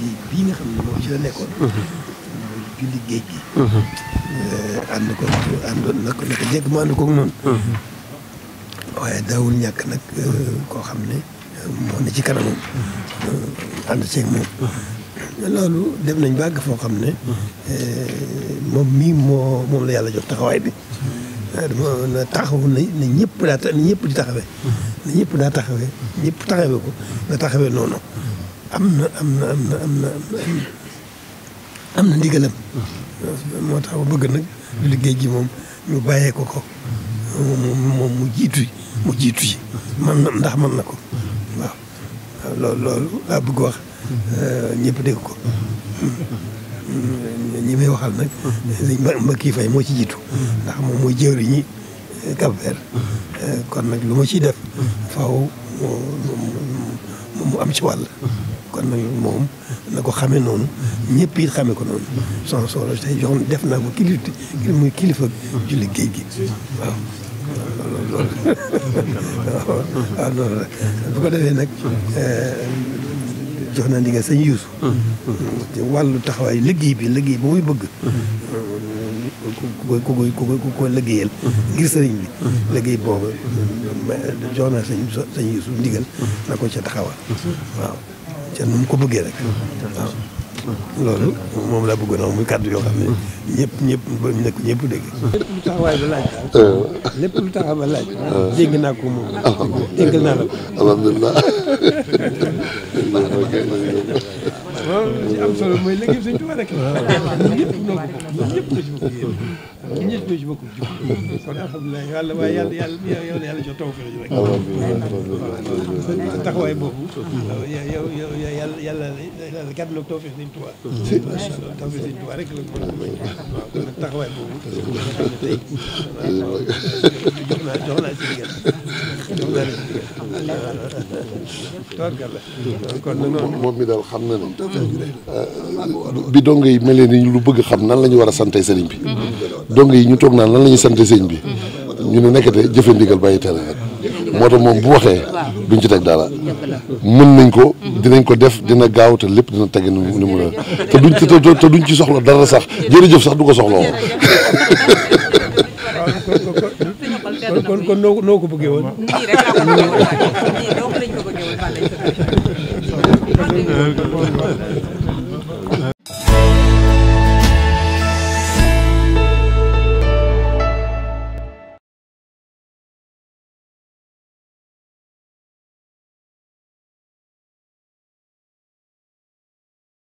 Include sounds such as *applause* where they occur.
liggéey bii nga xam ne moom ci la nekkoon. Mhm. mooy julli géej gi. Mhm. Eh, ànd ko àndoon na noonu. Mhm. waaye daawul ñàkk nag eh, koo xam ne eh, moo ne ci kanam ànd loolu dem nañ bàgg foo xam ne. moom mii moo moom la yàlla jox taxawaay bi. dama taxawu na ne ñëpp daa na ñëpp di na ñëpp noonu. am na am na am na am na am na ndigalam. moo tax bëgg nag liggéey ji moom ñu bàyyee ko ko. moom mu jiitu mu jiitu yi man na ndax man na ko waaw waaw loolu wax euh, ñëpp dégg ko hmm. ñi may waxal nag sëñ Mbacke Faye moo ci jiitu ndax moom mooy jëwri ñi Cap-Vert euh, kon nag lu ma ciy def faaw mu am ci wàll kon moom na ko xamee noonu ñëpp yi xamee ko noonu son solo tey joxoon def naa ko kilif muy kilifa julli géej gi waaw loolu waaw noonu la bu ko defee nag eh, jox naa ndigal sëñ Yuusu wàllu taxawaay liggéey bi liggéey bi muy bëgg ku koy ku koy ku koy liggéeyal ngir sëriñ bi liggéey boobu eh, jox naa sëñ Yuusu ndigal na ko ca taxawal waaw ca nu ko bëggee rek waaw loolu moom laa bëggoon a wax muy kàddu yoo nekk ñëpp dégg. Euh. lépp lu taxawaay ba laaj. Euh. naa ko moom. dégg naa la ko. alhamdulilah. *laughs* loolu li ci am solo mooy liggéey Sëñ Tuubaa rek ñun ñëpp ñoo ko bokk ñun ñëpp ñoo ci bokk yéen ñun ñëpp ñoo ci bokk jub kon alhamdulilah yàlla waaye yàlla yàlla yow yàlla jox taw fexe rek waaw taxawaay boobu yow yow yàlla yàlla yàlla gàddu taw fexe Sëñ Tuubaa taw fexe Sëñ Tuubaa rek la ko waaw taxawaay boobu nga xam ne tey jox naa jox naa ci digal moom mi daal xam na ne bi dong yi mel ni lu bëgg xam nan la war a sante sëriñ bi dong yi ñu toog naan nan la ñuy sante sëriñ bi ñu ne nekkate jëfe ndigal bàyyi tere moo tax moom bu waxee duñ ci teg dara mën nañ ko dinañ ko def dina gaaw te lépp dina tege ni mu ne te duñ te duñ ci soxla dara sax jërëjëf sax du ko soxla woon *laughs* kon kon kon noo ko bëggee woon. ko bëggee woon